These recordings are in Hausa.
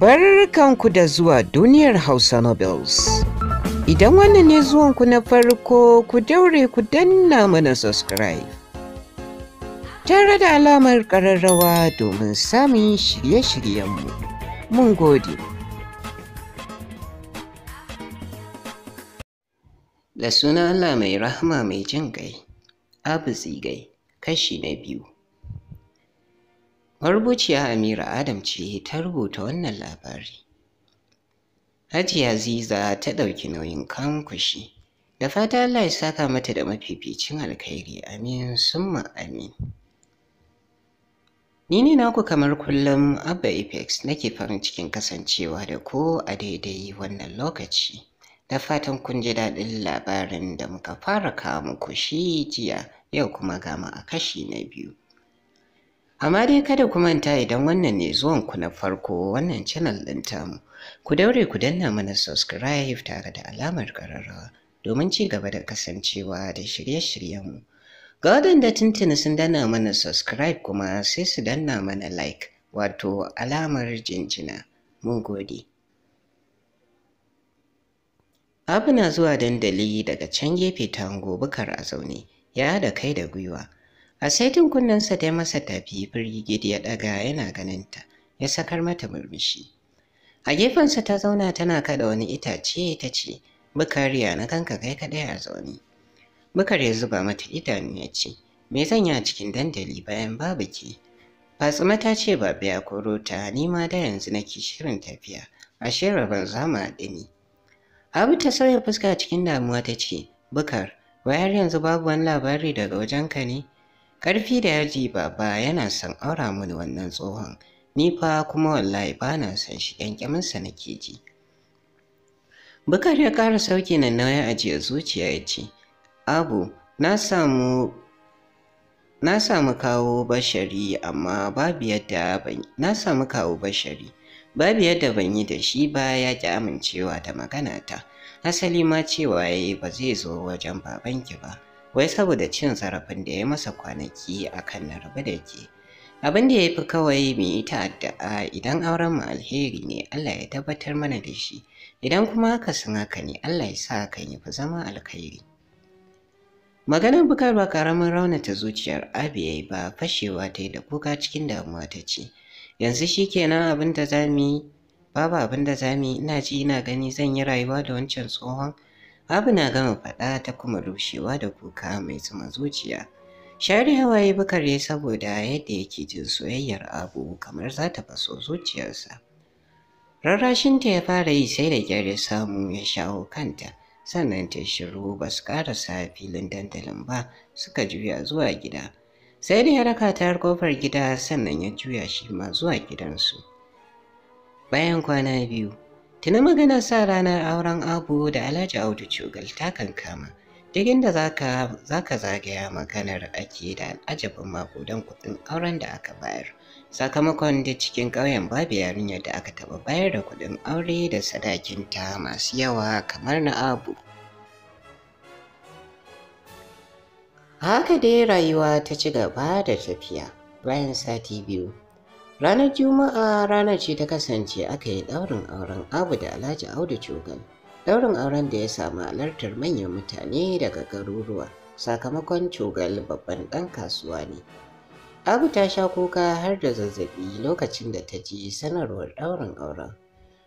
Barkanku da zuwa duniyar Hausa Nobles. Idan wannan ne zuwanku na farko ku daure ku danna mana subscribe. Tare da alamar ƙararrawa domin samun shirye-shiryenmu. Mun gode. Da suna Allah mai rahama mai jin gai, abu zigai, kashi na biyu. Marubuciya Amira Adam ce ta rubuta wannan labari. Hajiya Ziza ta ɗauki nauyin kankushi. Da fata Allah ya saka mata da mafificin alkhairi. Amin summa amin. Ni ne naku kamar kullum Abba Apex nake farin cikin kasancewa da ko a daidai wannan lokaci. Da fatan kun ji daɗin labarin da muka fara kawo muku shi jiya yau kuma gama a kashi na biyu. Amma dai kada ku manta idan wannan ne zuwan ku na farko wannan channel ɗin tamu. Ku daure ku danna mana subscribe tare da alamar ƙararrawa domin ci gaba da kasancewa da shirye-shiryenmu. Ga waɗanda tuntuni sun danna mana subscribe kuma sai su danna mana like wato alamar jinjina. Mun gode. Abu zuwa dandali daga can gefe ta bukar a zaune, ya da kai da gwiwa. a saitin kunnen kunnensa dai masa tafi firgigidi ya ɗaga yana ganin ta, ya sakar mata murmushi a gefensa ta zauna tana kada wani itace ta ce bukariya na kanka kai kaɗai a zaune bukar ya zuba mata idanu ya ce me zan yi a cikin dandali bayan babu ke fatsuma ta ce ba biya korota, ni ma da yanzu nake shirin tafiya a rabon za mu haɗu ne abu ta sauya fuska cikin damuwa ta ce bukar wayar yanzu babu wani labari daga wajenka ne Ƙarfi da yaji baba yana son aura mini wannan tsohon, ni fa kuma wallahi ba na son shi ƙyanƙyaminsa nake ji. Bukar ya ƙara sauki na nauyin ajiyar zuciya ya ce, Abu, na samu na samu kawo bashari amma babu yadda ban na samu kawo bashari babu yadda ban yi da shi ba ya ki amincewa da magana ta asali ma cewa yayi ba zai zo wajen babanki ba wai saboda cin zarafin da ya masa kwanaki a kan na rabu da ke. Abin da ya fi kawai mu yi ta idan auren mu alheri ne Allah ya tabbatar mana da shi, idan kuma haka sun haka ne Allah ya sa kan yi fi zama alkhairi. Maganar bukar ba karamin raunata zuciyar Abiyai ba fashewa ta yi da kuka cikin damuwa ta ce, yanzu shi kenan abin da za babu abin da za ina ji ina gani zan yi rayuwa da wancan tsohon Abu na gama faɗa ta kuma rushewa da kuka mai zuma zuciya. Shari hawaye bakare saboda yadda yake jin soyayyar abu kamar za ta faso zuciyarsa. Rarrashinta ya fara yi sai da kyar ya samu ya shawo kanta, sannan ta shiru ba su sa filin dandalin ba suka juya zuwa gida. Sai da ya raka ta har kofar gida sannan ya juya shi ma zuwa gidansu. Bayan kwana biyu, Tuna magana sa ranar auren Abu da Alhaji Audu Cugal ta kankama. Duk inda za ka zagaya maganar ake da al'ajabin makudan kuɗin auren da aka bayar. Sakamakon da cikin ƙauyen babu yarinyar da aka taɓa bayar da kuɗin aure da sadakinta masu yawa kamar na Abu. Haka dai rayuwa ta ci gaba da tafiya bayan sati biyu. Ranar Juma'a ranar ce ta kasance aka yi ɗaurin auren Abu da Alhaji Audu Cogal. Ɗaurin auren da ya samu alartar manyan mutane daga garuruwa sakamakon Cogal babban ɗan kasuwa ne. Abu ta sha kuka har da zazzabi lokacin da ta ji sanarwar ɗaurin auren.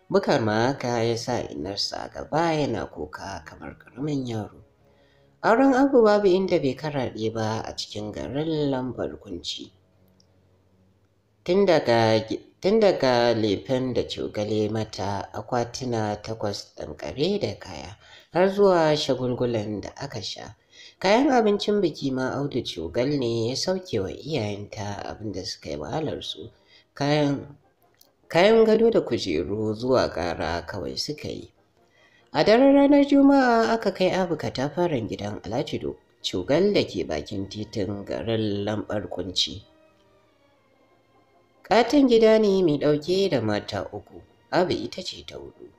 Bukar ma haka ya sa inarsa gaba yana kuka kamar karamin yaro. Auren Abu babu inda bai karaɗe ba a cikin garin lambar kunci. tun daga lefen da cokali mata akwatuna takwas ɗanƙare da kaya har zuwa shagulgulan da aka sha. Kayan abincin biki ma Audu Cogal ne ya sauke wa iyayenta abinda suka yi wahalar su. Kayan kayan gado da kujeru zuwa ƙara kawai suka yi. A daren ranar Juma'a aka kai ta katafaren gidan Alhaji Cogal da ke bakin titin garin Lambar Kunci. Katin gida ne mai ɗauke da mata uku, Abu ita ce ta hudu.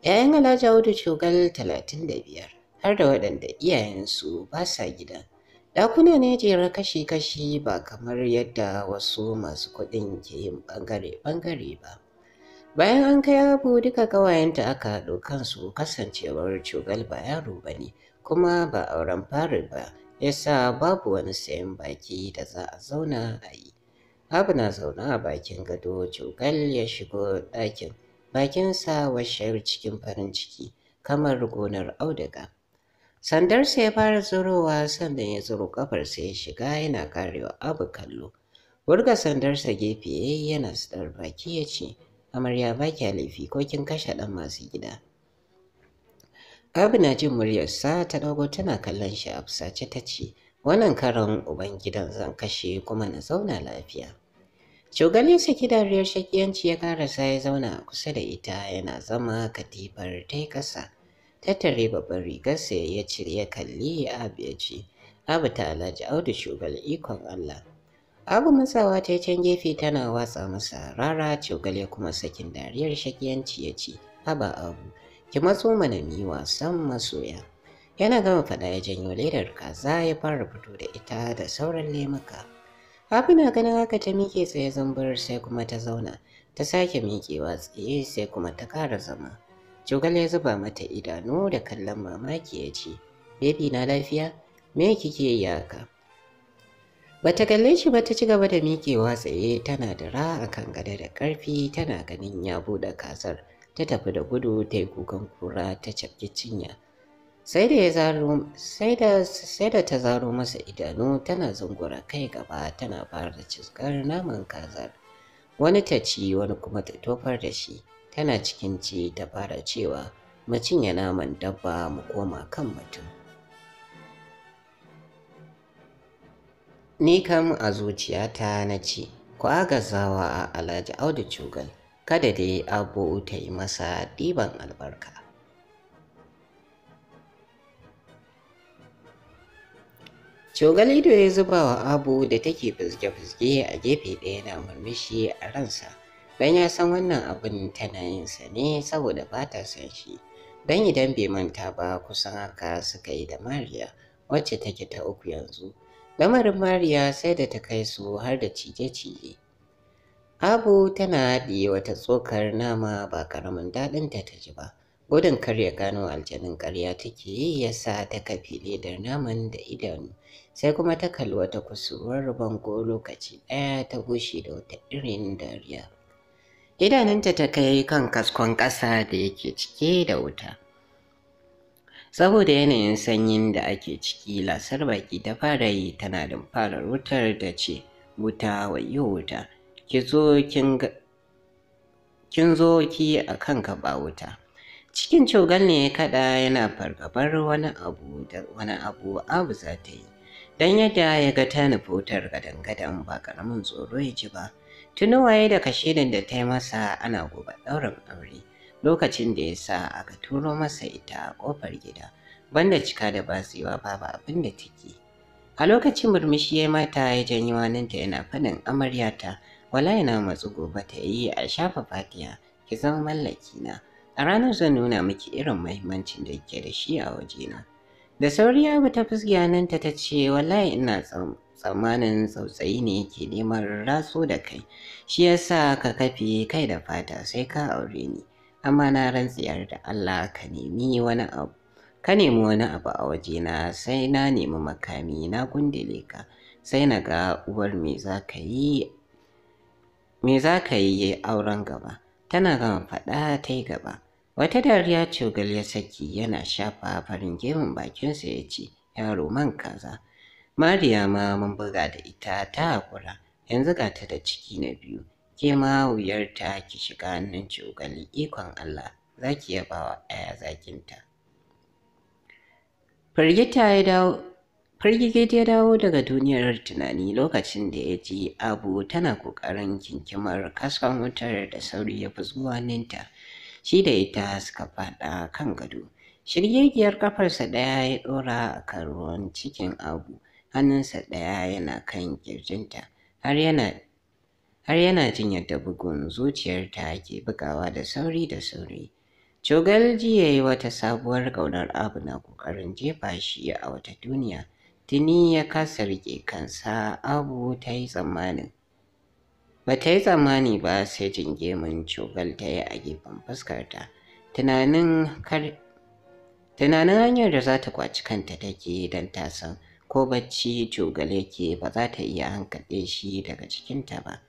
‘Ya'yan Alhaji Audu Cogal talatin da biyar, har da waɗanda iyayensu ba sa gida. Ɗakuna ne jera kashi-kashi ba kamar yadda wasu masu kuɗin ke yin ɓangare-ɓangare ba. Bayan an kai abu duka ƙawayenta aka haɗu kansu kasancewar shugal ba yaro ba ne kuma ba auren fari ba yasa babu wani sayan baki da za a zauna a yi. Abu na zaune a bakin gado cokal ya shigo ɗakin bakinsa washar cikin farin ciki kamar gonar auduga. Sandarsa ya fara zurowa sannan ya tsiro ƙafarsa ya shiga yana karewa abu kallo. Wurga sandarsa gefe yana sadar baki ya ce, Amarya ba kya laifi ko kin kashe ɗan masu gida. Abu na jin muryarsa ta dago tana kallon shi a fusace ta ce, Wannan karan Ubangidan zan kashe kuma na zauna lafiya. Shugalin saki dariyar shakiyanci ya karasa ya zauna a kusa da ita yana zama katifar ta ƙasa. Tattare babban rigarsa ya cire ya kalli Abu ya ce, Abu ta alhaji Audu shugal ikon Allah. Abu matsawa ta can gefe tana watsa masa rara ya kuma sakin dariyar shakiyanci ya ce, Haba Abu, ki matso mana ni wasan masoya. Yana gama faɗa ya janyo ledar kaza ya fara fito da ita da sauran lemuka. Hafi ganin haka ta miƙe tsaye zambar sai kuma ta zauna. Ta sake miƙewa tsaye sai kuma ta ƙara zama. Jogal ya zuba mata idanu da kallon mamaki ya ce, Baby na lafiya? Me kike yi haka? Bata kalle shi ba ta ci gaba da miƙewa tsaye tana da ra a kan gada da ƙarfi tana ganin ya buɗe kasar. Ta tafi da gudu ta yi kukan kura ta cafke cinya. sai da ta zaro masa idanu tana zungura kai gaba tana fara da cizgar naman kazar wani ta ci wani kuma ta tofar da shi tana cikin ci ta fara cewa mu cinye naman dabba mu koma kan mutum ni kam a zuciyata na ce ku agazawa a alhaji audu cugal kada dai abu ta yi masa ɗiban albarka Cogali ido ya zuba wa Abu da take fizge-fizge a gefe ɗaya na murmushi a ransa. Don ya san wannan abin tana yin sa ne saboda ba ta san shi. Don idan bai manta ba kusan haka suka yi da Mariya wacce take ta uku yanzu. Lamarin Mariya sai da ta kai su har da cije-cije. Abu tana haɗiye wata tsokar nama ba karamin daɗinta ta ji ba. Gudun kar ya gano aljanin karya take yi ya sa ta kafi ledar naman da idanu, sai kuma ta kalli wata kusurwar bango lokaci ɗaya ta bushe da wata irin dariya. Idanunta ta kai kan kaskon ƙasa da yake cike da wuta. Saboda yanayin sanyin da ake ciki lasar baki ta fara yi tana farar wutar da ce, wuta wayo wuta, ki zo kin zo ki a kanka ba wuta. cikin cogal ne ya kada yana fargabar wani abu da wani abu abu za ta yi don yadda ya ga ta nufotar gadan-gadan ba karamin tsoro ya ji ba waye da kashirin da ta yi masa ana gobe ɗaurin aure lokacin da ya sa aka turo masa ita a ƙofar gida banda cika da basewa babu abin da take a lokacin murmushi ya mata ya janyi waninta yana faɗin amaryata wala yana matsu gobe ta yi a shafa fatiya ki zama mallaki na A ranar zan nuna miki irin mahimmancin da yake da shi a wajena. Da sauri Abu ta nan ta ce wallahi ina tsammanin tsautsayi ne ke neman raso da kai. Shi yasa ka kafi kai da fata sai ka aure ni. Amma na rantsiyar da Allah ka nemi wani abu. Ka nemi wani abu a wajena sai na nemi makami na gundule ka. Sai na ga uwar me za ka yi me za ka yi auren gaba tana gama faɗa ta yi gaba Wata dariya cogal ya saki yana shafa farin gemun bakinsa ya ce, Yaro man kaza. Mariya ma mun buga da ita ta haƙura. yanzu ga ta da ciki na biyu. Ke ma wuyarta ki shiga hannun cogali ikon Allah, za ki yaba wa ɗaya zakinta. Firgita ya dawo ya dawo daga duniyar tunani lokacin da ya ji abu tana ƙoƙarin kinkimar kaskon wutar da sauri ya fi zuwa ninta. shi da ita suka faɗa kan gado. Shiryegiyar kafarsa ɗaya ya ɗora a ruwan cikin abu, hannunsa ɗaya yana kan kirjinta har yana har yana jin yadda bugun zuciyarta ke bugawa da sauri da sauri. Cogal ji ya wata sabuwar ƙaunar abu na ƙoƙarin jefa shi a wata duniya, tuni ya kasa riƙe kansa abu ta yi tsammanin Ba ta yi tsammani ba sai min cogal ta yi a gefen fuskarta. Tunanin hanyar da za ta kwaci kanta take don ta san ko bacci cogale yake ba za ta iya hankaɗe shi daga cikinta ba.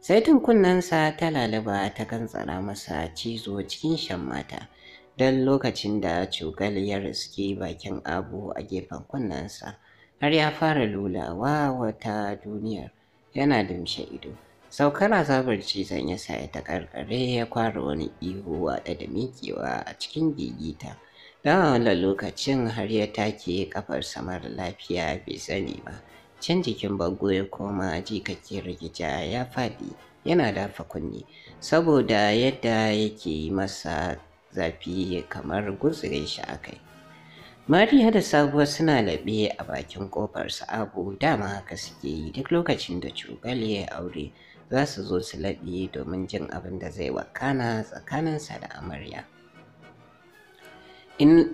Sai tunkunnensa ta lalaba ta kantsara masa cizo cikin shan mata don lokacin da cogal ya riski bakin abu a gefen sa, har ya fara lulawa wata duniyar yana dumshe ido. saukar azabar cizon ya sa ya ta karkare ya kwara wani ihu a da miƙewa a cikin gigita don a wannan lokacin har ya take kafar mara lafiya bai sani ba can jikin bango ya koma jikakke rigija ya faɗi yana dafa kunne saboda yadda yake yi masa zafi kamar gutsire shi a kai Mariya da Sabuwa suna laɓe a bakin ƙofar Sa'abu dama haka suke yi duk lokacin da cugal ya aure za su zo su laɓi domin jin abin da zai wakana tsakaninsa da amarya.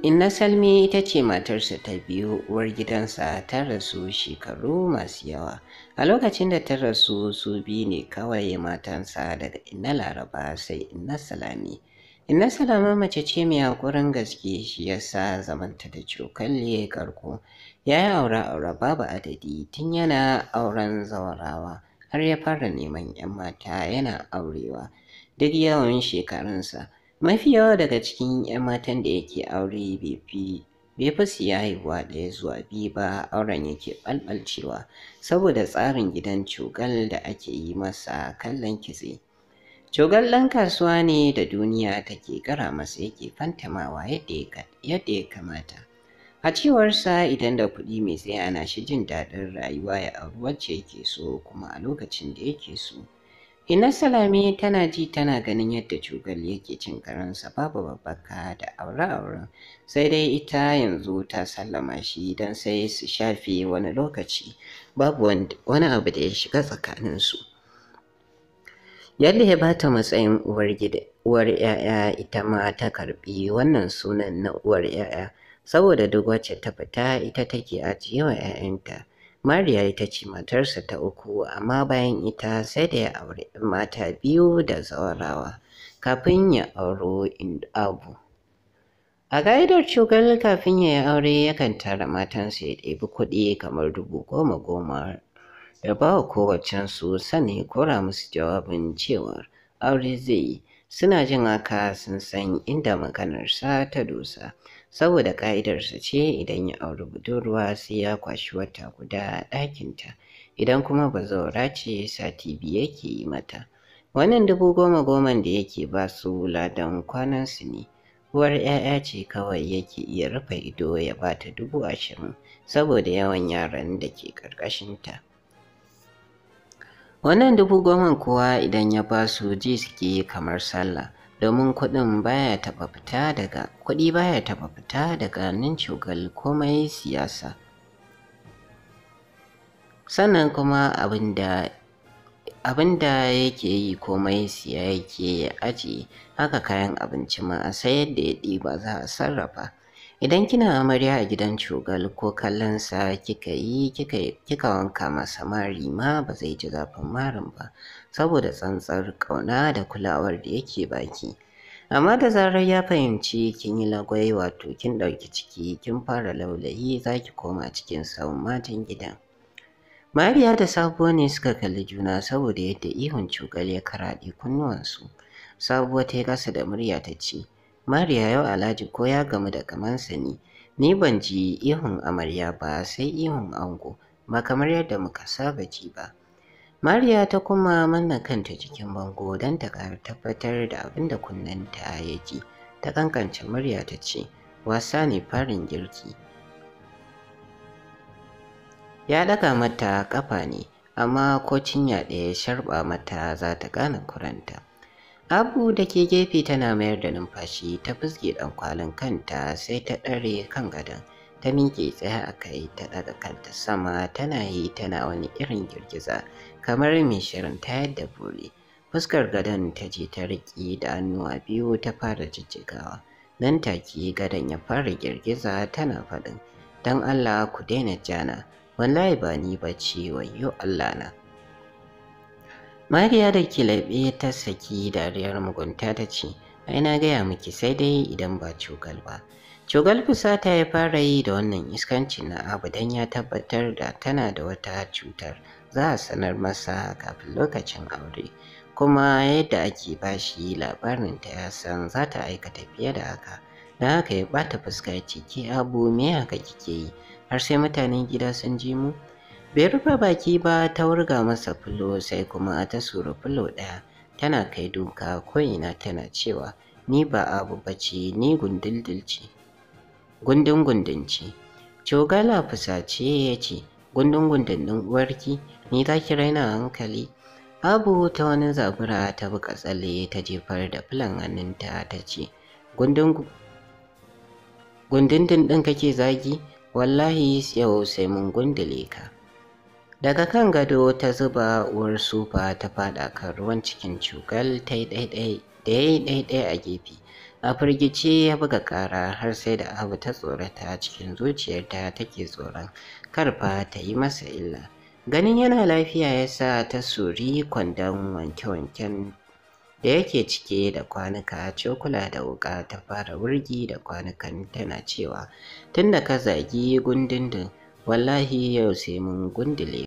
Inna Salmi ita ce matarsa ta biyu uwar gidansa ta rasu shekaru masu yawa. A lokacin da ta rasu su biyu ne kawai matansa daga Inna Laraba sai Inna Salami. Inna Salama mace ce mai haƙurin gaske shi ya sa zamanta da cokali karko. Ya yi aure aure babu adadi tun yana auren zawarawa. har ya fara neman 'yan mata yana aurewa duk yawan shekarunsa mafi yawa daga cikin 'yan matan da yake aure bai fi bai fi siya haihuwa ɗaya zuwa biyu ba auren yake ɓalɓalcewa saboda tsarin gidan cogal da ake yi masa kallon kitse cogal ɗan kasuwa ne da duniya take gara masa yake fantamawa yadda ya kamata A cewarsa idan da kuɗi mai tsaye ana shi jin daɗin rayuwa ya auri wacce yake so kuma a lokacin da yake so. Ina salami tana ji tana ganin yadda cugal yake cin karansa babu babbaka da aure-auren sai dai ita yanzu ta sallama shi don sai su shafe wani lokaci babu wani abu da ya shiga tsakaninsu. Yadda ya bata matsayin uwar gida uwar 'ya'ya ita ma ta karbi wannan sunan na uwar 'ya'ya. saboda duk wacce ta fita ita take ajiye wa 'ya'yanta. Mariya ita ce matarsa ta uku amma bayan ita sai da ya aure mata biyu da zawarawa kafin ya auro Abu. A ga'idar cugal kafin ya yi aure yakan tara matansa ya ɗebi kuɗi kamar dubu goma goma ya ba wa su sani kora musu jawabin cewa aure zai yi suna jin haka sun san inda maganarsa ta dosa saboda ƙa'idarsa ce idan ya auri budurwa sai ya kwashi wata guda a ɗakinta idan kuma ba zaura ce sati biyu yake yi mata wannan dubu goma goman da yake ba su ladan kwanansu ne uwar 'ya'ya ce kawai yake iya rufe ido ya ba ta dubu ashirin saboda yawan yaran da ke ƙarƙashinta wannan dubu goma kuwa idan ya ba su ji suke kamar sallah domin kuɗin baya taɓa fita daga kuɗi baya taɓa fita daga nan shugal komai siyasa sannan kuma abinda abinda yake yi komai siya yake aji haka kayan abinci ma a sayar da ya ba za a sarrafa idan kina amarya a gidan shugal ko kallonsa kika yi kika wanka masa mari ma ba zai ji zafin marin ba saboda tsantsar ƙauna da kulawar da yake baki. Amma da zarar ya fahimci kin yi lagwai wato kin ɗauki ciki kin fara laulayi za ki koma cikin sawun matan gidan. Mariya da Sabuwa ne suka kalli juna saboda yadda ihun cokali ya karaɗe kunnuwansu. Sabuwa ta yi da murya ta ce, Mariya yau Alhaji ko ya gamu da kamansa ne, ni ban ji ihun amarya ba sai ihun ango, ba kamar yadda muka saba ji ba. Mariya ta kuma manna kanta cikin bango don ta ƙara tabbatar da abin da kunnenta ya ji. Ta kankance murya ta ce, wasa ne farin girki. Ya ɗaga mata ƙafa ne, amma ko cinya ɗaya sharɓa mata za ta gane kuranta. Abu da ke gefe tana mayar da numfashi ta fizge ɗan kwalin kanta sai ta ɗare kan gadon. ta miƙe tsaye a kai ta ɗaga kanta sama tana yi tana wani irin girgiza kamar mai shirin ta yadda buri fuskar gadon ta je ta riƙe da hannuwa biyu ta fara jijjigawa nan take gadon ya fara girgiza tana faɗin don allah ku daina jana wallahi ba ni ba ce wayo allah na mariya da kilaɓe ta saki dariyar mugunta ta ce ai na gaya miki sai dai idan ba cokal ba Shugal ta yi fara yi da wannan iskanci na abu don ya tabbatar da tana da wata cutar za a sanar masa kafin lokacin aure. Kuma yadda ake bashi labarin ta ya san za ta aikata fiye da haka. Don haka ya bata fuska ya ce abu me haka kike yi har sai mutanen gida sun ji mu. Bai rufe baki ba ta wurga masa fulo sai kuma ta sura fulo ɗaya tana kai duka ko ina tana cewa ni ba abu bace ni gundildil ce. gundun gundun cogala fusace ya ce gundun gundun ɗin uwarki ni za ki raina hankali abu ta wani zabura ta buka tsalle ta jefar da filan hannunta ta ce gundun ɗin kake zagi wallahi yau sai mun gundule ka daga kan gado ta zuba uwar sufa ta fada kan ruwan cikin cugal ta yi ɗaiɗai a gefe a firgice ya buga ƙara har sai da abu ta tsorata cikin zuciyarta take tsoron karfa ta yi masa illa ganin yana lafiya ya sa ta suri kwandon wanke-wanken da yake cike da kwanuka cokula da wuka ta fara wurgi da kwanukan tana cewa tun da ka zagi gundundun wallahi yau sai mun gundule